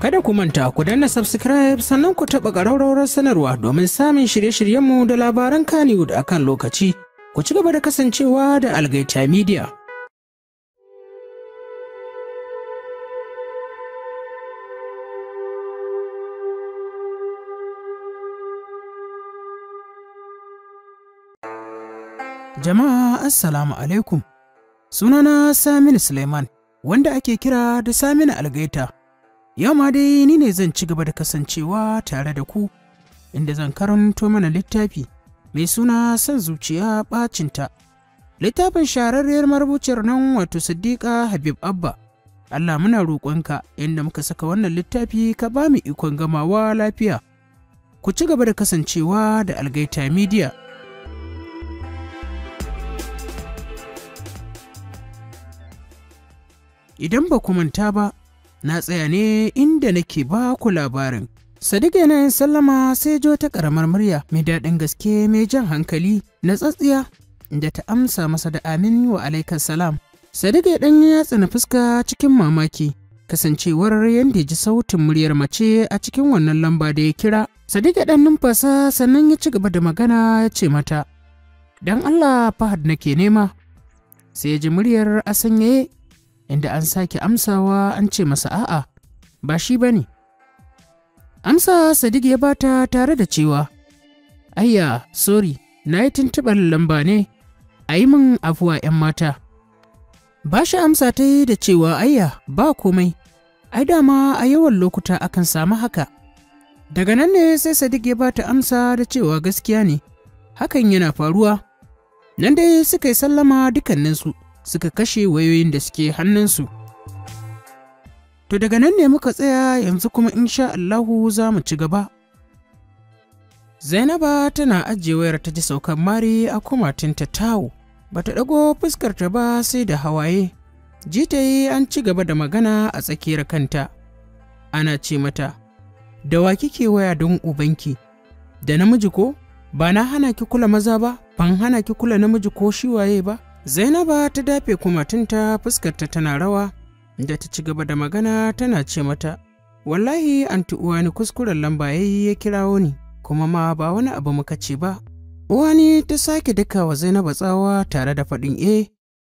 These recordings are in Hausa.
Kada ku manta ku danna subscribe sannan ku taɓa ƙararrawar sanarwa domin samun shirye-shiryenmu da labaran Kannywood a kan lokaci. Ku ci gaba da kasancewa da Algaita Media. Jama'a Assalamu alaikum. Sunana Saminu Suleiman, wanda ake kira da Saminu Algaita. Yau ma dai ni ne zan ci gaba da kasancewa tare da ku, inda zan karanto mana littafi mai suna son zuciya ɓacinta. Littafin shahararriyar marubuciyar nan wato Siddiƙa Habib Abba. Allah muna roƙonka inda muka saka wannan littafi ka ba mu ikon gamawa lafiya. Ku ci gaba da kasancewa da Algaita Media. Idan ba ku manta ba, na tsaya ne inda nake ba ku labarin. Sadiga yana yin sallama sai jo ta karamar murya mai daɗin gaske mai jan hankali na tsatsiya da ta amsa masa da amin wa alaikar salam. Sadiq ya ɗan yatsa na fuska cikin mamaki kasancewar yadda ji sautin muryar mace a cikin wannan lamba da ya kira. Sadiga ɗan numfasa sannan ya ci gaba da magana ya ce mata, Don Allah Fahad nake nema, sai ya ji muryar a sanyaye inda an sake amsawa an ce masa a'a ba shi ba ne. Amsa Sadiq ya bata tare da cewa, Ayya, sori, na yi tuntuɓar lamba ne, a yi min afuwa ‘yan mata. Ba shi amsa ta yi da cewa ayya ba komai, ai dama a yawan lokuta akan samu haka. Daga nan ne sai Sadiq ya bata amsa da cewa gaskiya ne, hakan yana faruwa. Nan dai suka yi sallama dukkaninsu. suka kashe wayoyin da suke hannunsu. To daga nan ne muka tsaya yanzu kuma in sha Allahu za mu ci gaba. Zainaba tana ajiye wayar ta ji saukan mari a kumatinta tawo, ba ta ɗago fuskarta ba sai da hawaye. Ji ta yi an ci gaba da magana a tsakiyar kanta. Ana ce mata, da wa kike waya don ubanki, da namiji ko? Ba na hana ki kula maza ba, ban hana ki kula namiji ko shi waye ba? Zainaba ta dafe kumatinta fuskarta tana rawa da ta ci gaba da magana tana ce mata, Wallahi anti uwani kuskuren lamba yayi ya kirawo ni, kuma ma ba wani abu muka ce ba. Uwani ta sake daka wa Zainaba tsawa tare da faɗin e,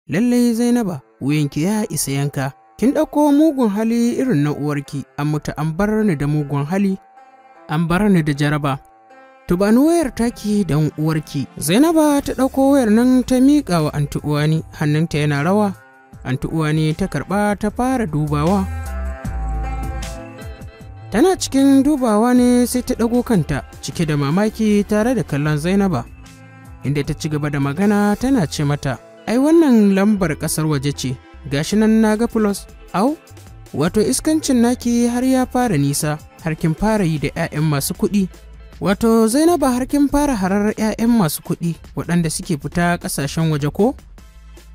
lallai Zainaba wuyanki ya isa yanka. Kin ɗauko mugun hali irin na uwarki, an mutu an bar ni da mugun hali, an bar ni da jaraba. To ba wayar taki dan uwarki. Zainaba ta ɗauko wayar nan ta miƙa wa anti uwani hannunta yana rawa. Anti uwani ta karɓa ta fara dubawa. Tana cikin dubawa ne sai ta ɗago kanta cike da mamaki tare da kallon Zainaba. Inda ta ci gaba da magana tana ce mata, "Ai wannan lambar ƙasar waje ce, gashi nan na ga plus, au, wato iskancin naki har ya fara nisa, har kin fara yi da 'ya'yan masu kuɗi Wato Zainabu har kin fara harar 'ya'yan masu kuɗi waɗanda suke fita ƙasashen waje ko?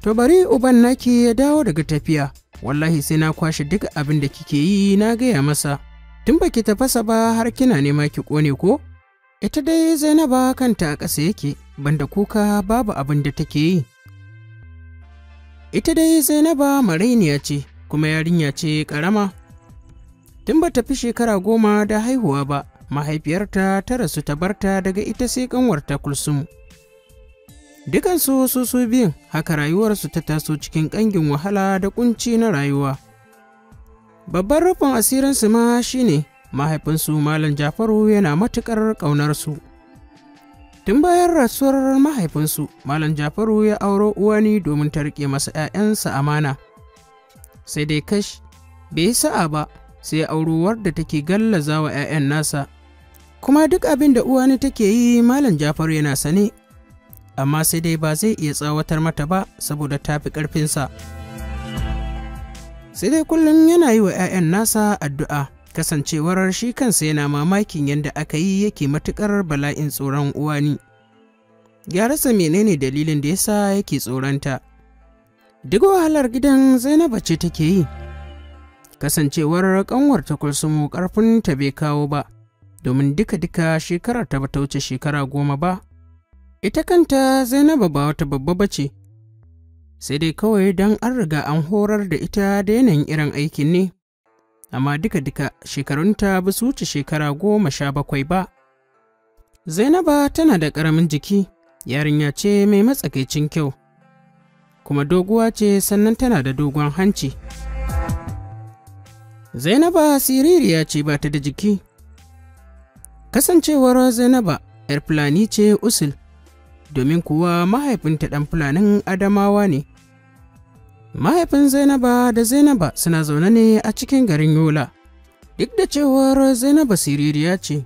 To bari uban naki ya dawo daga tafiya, wallahi sai na kwashe duk abin da kike yi na gaya masa. Tun ba ki tafasa ba har kina nema ki ƙone ko? Ita dai Zainaba kanta a ƙasa yake, banda kuka babu abin da take yi. Ita dai Zainaba marainiya ce, kuma yarinya ce ƙarama. Tun ba ta fi shekara goma da haihuwa ba, mahaifiyarta ta rasu ta barta daga ita sai kanwarta kulsum dukansu su su biyun haka rayuwarsu ta taso cikin ƙangin wahala da kunci na rayuwa babban rufin asirinsu ma shine mahaifinsu malam jafaru yana matukar ƙaunarsu tun bayan rasuwar mahaifinsu malam jafaru ya auro uwani domin ta riƙe masa 'ya'yansa amana sai dai kash bai sa'a ba sai auruwar da take gallaza wa 'ya'yan nasa kuma duk abin da uwani take yi malam jafaru yana sane amma sai dai ba zai iya tsawatar mata ba saboda ta fi ƙarfinsa sai dai kullum yana yi wa 'ya'yan nasa addu'a kasancewar shi kansa yana mamakin yadda aka yi yake matuƙar bala'in tsoron uwani ya menene dalilin da yasa yake tsoronta duk wahalar gidan zainaba ce take yi kasancewar ƙanwar ta kulsumo ƙarfin ta bai kawo ba domin duka-duka shekarar ta bata wuce shekara goma ba ita kanta zainabu ba wata babba ba ce sai dai kawai don an riga an horar da ita da yanayin irin aikin ne amma duka-duka shekarunta ba su wuce shekara goma sha bakwai ba zainaba tana da ƙaramin jiki yarinya ce mai matsakaicin kyau kuma doguwa ce sannan tana da dogon hanci zainaba siririya ce ba ta da jiki Kasancewar Zainaba ‘yar Fulani ce usul, domin kuwa mahaifinta ɗan Fulanin Adamawa ne. Mahaifin Zainaba da Zainaba suna zaune ne a cikin garin Yola, duk da cewar Zainaba siririya ce.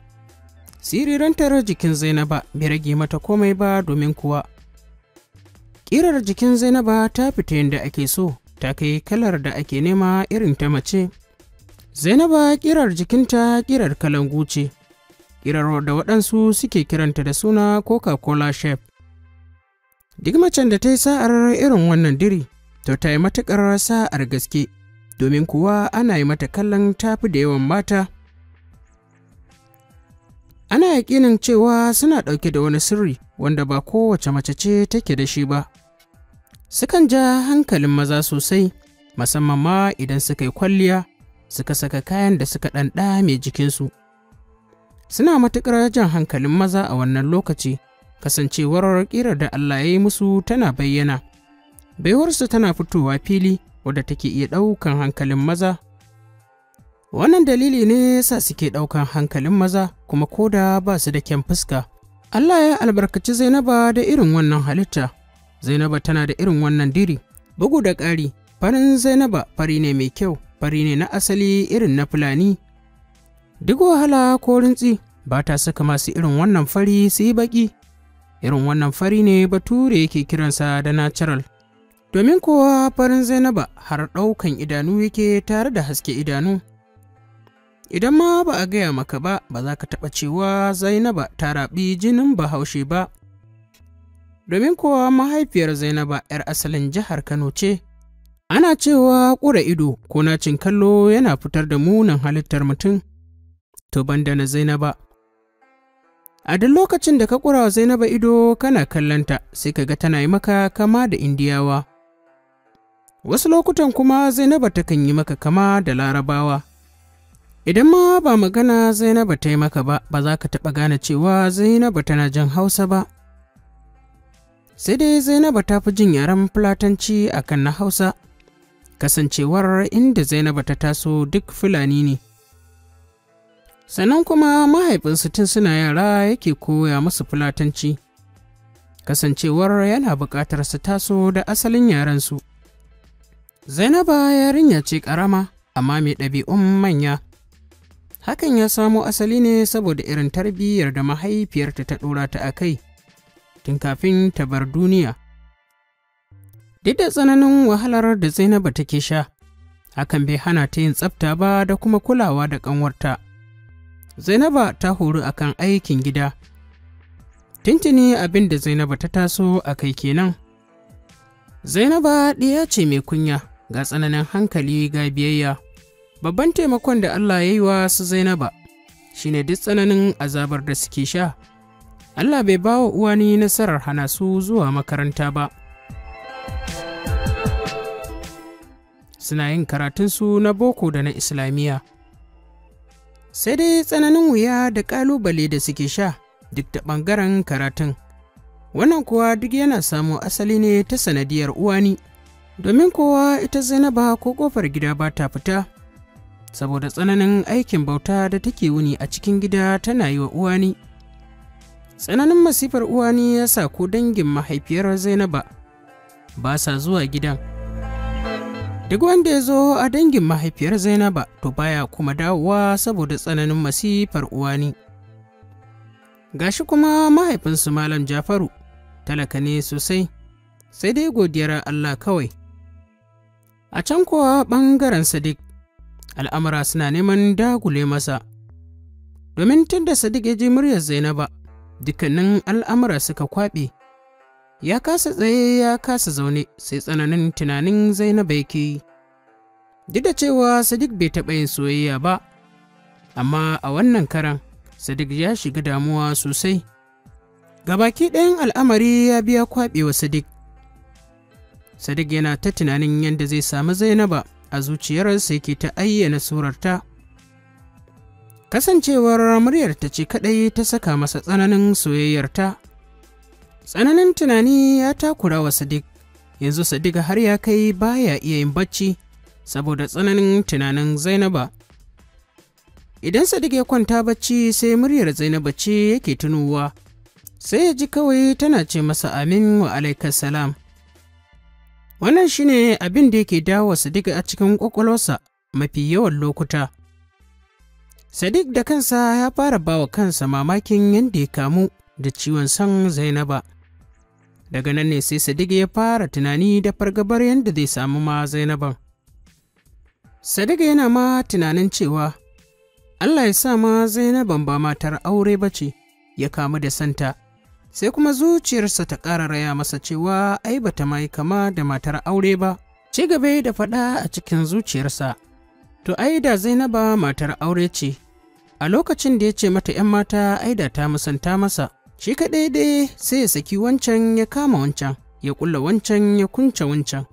Sirirantar jikin Zainaba bai rage mata komai ba domin kuwa. Ƙirar jikin Zainaba ta fita yadda ake so, ta kai kalar da ake nema irin ta mace. Zainaba ƙirar jikinta ƙirar kalangu ce. irar da waɗansu suke kiranta da suna coca-cola chef duk macen da ta yi sa'ar irin wannan diri to ta yi matuƙar sa'ar gaske domin kuwa ana yi mata kallon tafi da yawan mata ana yaƙinin cewa suna ɗauke da wani sirri wanda ba kowace mace ce take da shi ba sukan ja hankalin maza sosai masamman ma idan suka yi kwalliya suka saka kayan da suka ɗanɗa mai jikinsu suna matuƙar jan hankalin maza a wannan lokaci kasancewar ƙirar da Allah ya yi musu tana bayyana baiwarsu tana fitowa fili wadda take iya ɗaukan hankalin maza wannan dalili ne sa suke ɗaukan hankalin maza kuma koda ba su da kyan fuska Allah ya albarkaci Zainaba da irin wannan halitta Zainaba tana da irin wannan diri bugu da ƙari farin Zainaba fari ne mai kyau fari ne na asali irin na Fulani duk wahala ko rintsi ba ta saka masu irin wannan fari su yi baƙi irin wannan fari ne bature yake kiransa da natural domin kowa farin zainaba har ɗaukan idanu yake tare da haske idanu idan ma ba a gaya maka ba ba za ka taɓa cewa zainaba ta raɓi jinin bahaushe ba domin kowa mahaifiyar zainaba 'yar asalin jihar kano ce ana cewa ƙura ido ko nacin kallo yana fitar da munin halittar mutum to ban da na Zainaba. A duk lokacin da ka ƙura wa Zainaba ido kana kallanta sai ka ga tana yi maka kama da Indiyawa. Wasu lokutan kuma Zainaba takan yi maka kama da Larabawa. Idan ma ba magana Zainaba ta yi maka ba, ba za ka taɓa gane cewa Zainaba tana jin Hausa ba. Sai dai Zainaba ta fi jin yaren Fulatanci a kan na Hausa, kasancewar inda Zainaba ta taso duk Fulani ne. sannan kuma mahaifinsu tun suna yara yake koya masu fulatanci kasancewar yana buƙatar su taso da asalin yarensu zainaba yarinya ce ƙarama amma mai ɗabi'un manya hakan ya samo asali ne saboda irin tarbiyyar da mahaifiyarta ta ɗora ta a kai tun kafin ta bar duniya duk da tsananin wahalar da zainaba take sha hakan bai hana ta yin tsafta ba da kuma kulawa da ƙanwarta Zainaba ta horu akan aikin gida. Tintini abin da Zainaba ta taso a kai kenan. Zainaba ɗaya ce mai kunya ga tsananin hankali ga biyayya. Babban taimakon da Allah ya yi wa su Zainaba shi ne duk tsananin azabar da suke sha. Allah bai ba wa uwani nasarar hana su zuwa makaranta ba. Suna yin karatunsu na boko da na Islamiyya. sai dai tsananin wuya da ƙalubale da suke sha duk da ɓangaren karatun wannan kuwa duk yana samo asali ne ta sanadiyar uwani domin kowa ita zainaba ko ƙofar gida ba ta fita saboda tsananin aikin bauta da take wuni a cikin gida tana yi wa uwani tsananin masifar uwani ya sa ko dangin mahaifiyar zainaba ba sa zuwa gidan Duk wanda ya zo a dangin mahaifiyar Zainaba to baya kuma dawowa saboda tsananin masifar uwani. Gashi kuma mahaifinsu Malam Jafaru talaka ne sosai, sai dai godiyar Allah kawai. A can kuwa ɓangaren Sadiq, al'amura suna neman dagule masa. Domin tun da Sadiq ya ji muryar Zainaba, dukkanin al'amura suka kwaɓe. ya kasa tsaye ya kasa zaune sai tsananin tunanin zainaba yake yi duk da cewa sadiq bai taɓa yin soyayya ba amma a wannan karan sadiq ya shiga damuwa sosai gabaki ɗayan al'amari ya biya kwaɓewa sadiq sadiq yana ta tunanin yadda zai samu zainaba a zuciyarsa yake ta ayyana surarta kasancewar muryarta ce kaɗai ta saka masa tsananin soyayyarta Tsananin tunani ya takura wa Sadiq, yanzu Sadiq har ya kai baya iya yin bacci saboda tsananin tunanin Zainaba. Idan Sadiq ya kwanta bacci sai muryar Zainaba ce yake tunowa, sai ya ji kawai tana ce masa amin wa salam. Wannan shine abin da yake dawo Sadiq a cikin kwakwalwarsa mafi yawan lokuta. Sadiq da kansa ya fara bawa kansa mamakin yadda ya kamu da ciwon san Zainaba. daga nan ne sai sadiga ya fara tunani da fargabar yadda zai samu ma zainaban sadiga yana ma tunanin cewa allah ya sa ma zainaban ba matar aure ba ce ya kamu da santa sai kuma zuciyarsa ta ƙara raya masa cewa ai ba ta mai kama da matar aure ba ci gaba da faɗa a cikin zuciyarsa to ai da zainaba matar aure ce a lokacin da ya ce mata 'yan mata ai da ta musanta masa shi kaɗai dai sai ya saki wancan ya kama wancan ya kulla wancan ya kunce wancan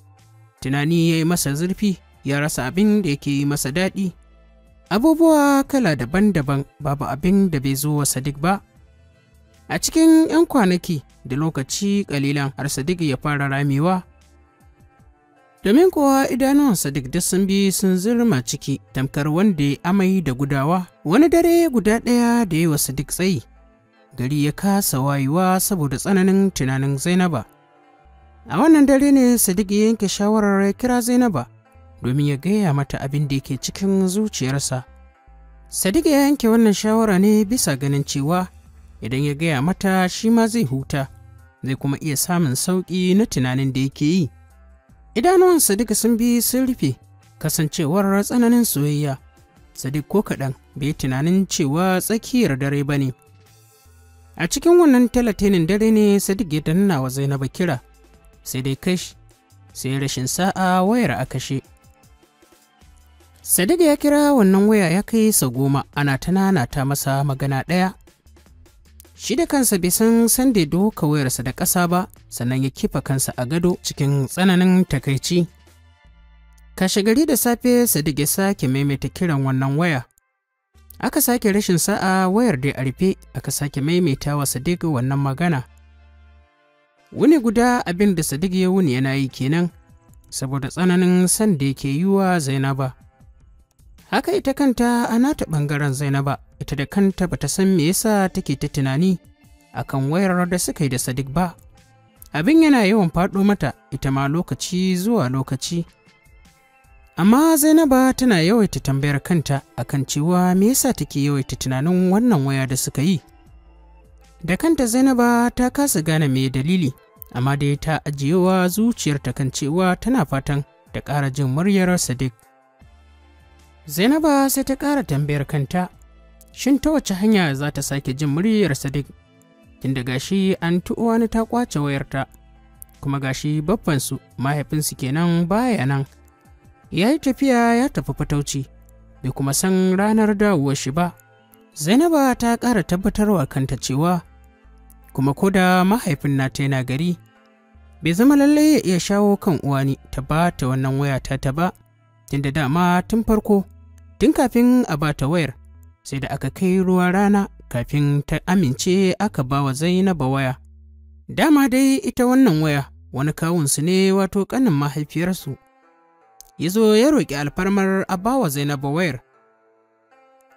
tunani ya yi masa zurfi ya rasa abin da yake yi masa daɗi abubuwa kala daban-daban babu abin da bai zo wa sadiq ba a cikin 'yan kwanaki da lokaci kalilan har sadiq ya fara ramewa domin kuwa idanuwan sadiq duk sun bi sun zirma ciki tamkar wanda ya amai da gudawa wani dare guda ɗaya da yi wa sadiq tsayi gari ya kasa wayewa saboda tsananin tunanin zainaba a wannan dare ne sadiq ya yanke shawarar kira zainaba domin ya gaya mata abin da yake cikin zuciyarsa sadiq ya yanke wannan shawara ne bisa ganin cewa idan ya gaya mata shi ma zai huta zai kuma iya samun sauƙi na tunanin da yake yi idanuwan sadiq sun bi sun rufe kasancewar tsananin soyayya sadiq ko kaɗan bai tunanin cewa tsakiyar dare ba ne a cikin wannan talatinin dare ne sadiq ya danna wa Zainabu kira sai dai kash sai rashin sa'a wayar a kashe sadiq ya kira wannan waya ya kai sa goma ana ta ta masa magana ɗaya shi da kansa bai san sanda da doka wayarsa da ƙasa ba sannan ya kifa kansa a gado cikin tsananin takaici Kashe gari da safe Sadiq ya sake maimaita kiran wannan waya aka sake rashin sa'a wayar dai a rufe aka sake maimaita wa sadiq wannan magana wuni guda abin da sadiq ya wuni yana yi kenan saboda tsananin san da yake yi wa zainaba haka ita kanta a nata ɓangaren zainaba ita da kanta bata san me yasa take ta tunani akan wayar da suka yi da sadiq ba abin yana yawan faɗo mata ita ma lokaci zuwa lokaci Amma Zainaba tana yawaita tambayar kanta a kan cewa me yasa take yawaita tunanin wannan waya da suka yi. Da kanta Zainaba ta kasa gane me dalili, amma dai ta ajiyewa zuciyarta kan cewa tana fatan da ƙara jin muryar Sadiq. Zainaba sai ta ƙara tambayar kanta, shin ta wace hanya za ta sake jin muryar Sadiq? Tun da gashi an tu'uwani ta kwace wayarta, kuma gashi su mahaifinsu kenan baya nan. ya yi tafiya ya tafi fatauci bai kuma san ranar dawowar shi ba zainaba ta ƙara tabbatarwa kanta cewa kuma ko da mahaifin nata yana gari bai zama lallai ya iya shawo kan uwa ni ta ba ta wannan waya ta ta ba da dama tun farko tun kafin a ba ta wayar sai da aka kai ruwa rana kafin ta amince aka ba wa zainaba waya dama dai ita wannan waya wani kawunsu ne wato ƙanin mahaifiyarsu ya zo ya roƙi alfarmar abawa Zainabu Wayar.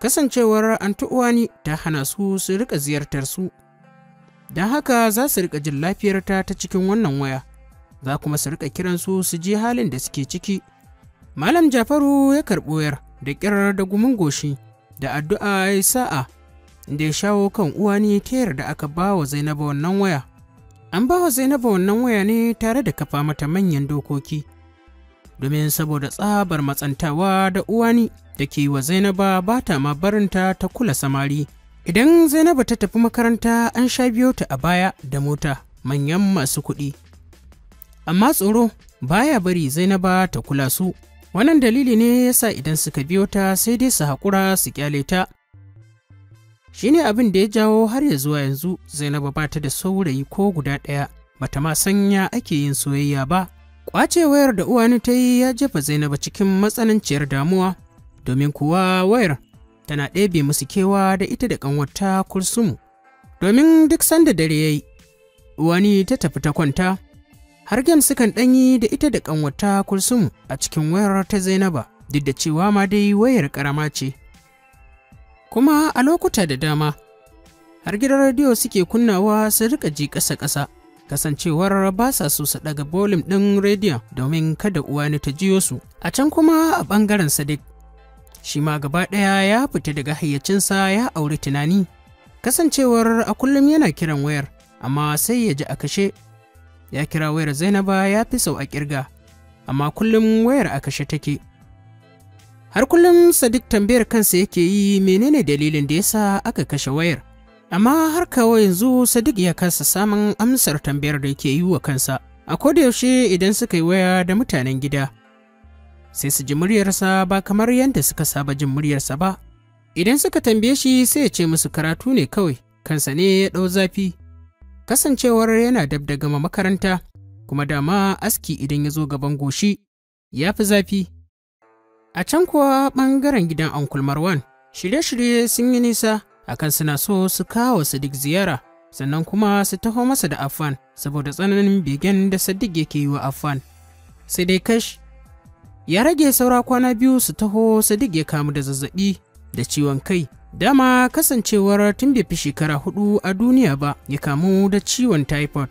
Kasancewar Antu'uwani ta hana su su riƙa ziyartar su, don haka za su riƙa jin lafiyarta ta cikin wannan waya, za kuma su riƙa kiran su su ji halin da suke ciki. Malam Jafaru ya karɓo yar da ƙirar da gumin goshi da addu'a ya sa'a da ya shawo kan uwani ta da aka ba wa Zainabu wannan waya. An ba wa Zainabu wannan waya ne tare da kafa mata manyan dokoki domin saboda tsabar matsantawa da uwani da ke wa zainaba ba ta ma barinta ta kula samari idan zainaba ta tafi makaranta an sha biyo ta a baya da mota manyan masu kuɗi amma tsoro baya bari zainaba ta kula su wannan dalili ne ya sa idan suka biyo ta sai dai su haƙura su kyale ta shine abin da ya jawo har ya zuwa yanzu zainaba ba ta da saurayi ko guda ɗaya bata ma sanya ake yin soyayya ba Ƙwace wayar da uwani ta yi ya jefa Zainabu cikin matsananciyar damuwa, domin kuwa wayar tana ɗebe musu kewa da ita da ƙanwarta Kulsumu. Domin duk sanda dare ya yi, uwani ta tafi ta kwanta, har gem sukan ɗanyi da ita da ƙanwarta Kulsumu a cikin wayar ta Zainaba, duk da cewa ma dai wayar ƙarama ce. Kuma a lokuta da dama, har gidan rediyo suke kunnawa su riƙa ji ƙasa-ƙasa. kasancewar ba sa so su daga bolim ɗin rediyon domin kada uwani ta jiyo su a can kuma a ɓangaren sadiq shi ma gaba ɗaya ya fita daga hayyacinsa ya auri tunani kasancewar a kullum yana kiran wayar amma sai ya ji a kashe ya kira wayar zainaba ya fi sau a kirga amma kullum wayar a kashe take har kullum sadiq tambayar kansa yake yi menene dalilin da yasa aka kashe wayar amma har kawai yanzu sadiq ya kasa samun amsar tambayar da yake yi wa kansa a yaushe idan suka yi waya da mutanen gida sai su ji muryarsa ba kamar yadda suka saba jin muryarsa ba idan suka tambaye shi sai ya ce musu karatu ne kawai kansa ne ya ɗau zafi kasancewar yana dab da gama makaranta kuma dama aski idan ya zo gaban goshi ya fi zafi a can kuwa ɓangaren gidan ankul marwan shirye-shirye sun yi nisa akan suna so su kawo Sadiq ziyara sannan kuma su taho masa da afan, saboda tsananin begen da Sadiq yake yi wa Affan. Sai dai kash ya rage saura kwana biyu su taho Sadiq ya kamu da zazzabi da ciwon kai. Dama kasancewar tun bai fi shekara hudu a duniya ba ya kamu da ciwon typhoid.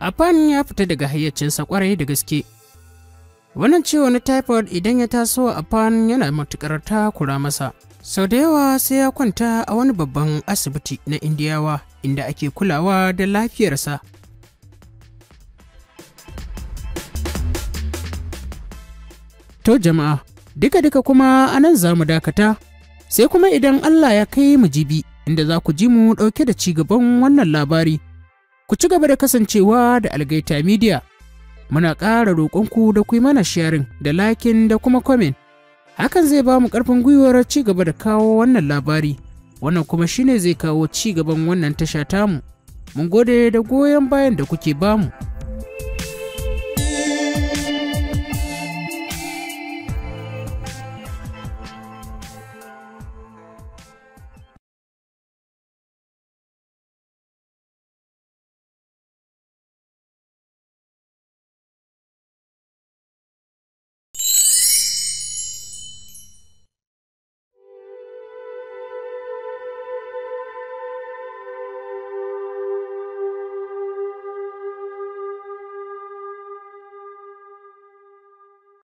Affan ya fita daga hayyacinsa kwarai da gaske. Wannan ciwo na typhoid idan ya taso Affan yana matuƙar takura masa. sau da yawa sai ya kwanta a wani babban asibiti na indiyawa inda ake kulawa da lafiyarsa to jama'a duka-duka kuma a nan za mu dakata sai kuma idan allah ya kai mu jibi inda za ku ji mu ɗauke da ci gaban wannan labari ku ci gaba da kasancewa da algaita media muna ƙara roƙonku da ku yi mana sharing da lakin da kuma comment hakan zai ba mu ƙarfin gwiwar ci gaba da kawo wannan labari wannan kuma shine zai kawo ci gaban wannan tasha tamu mun gode da goyon bayan da kuke bamu.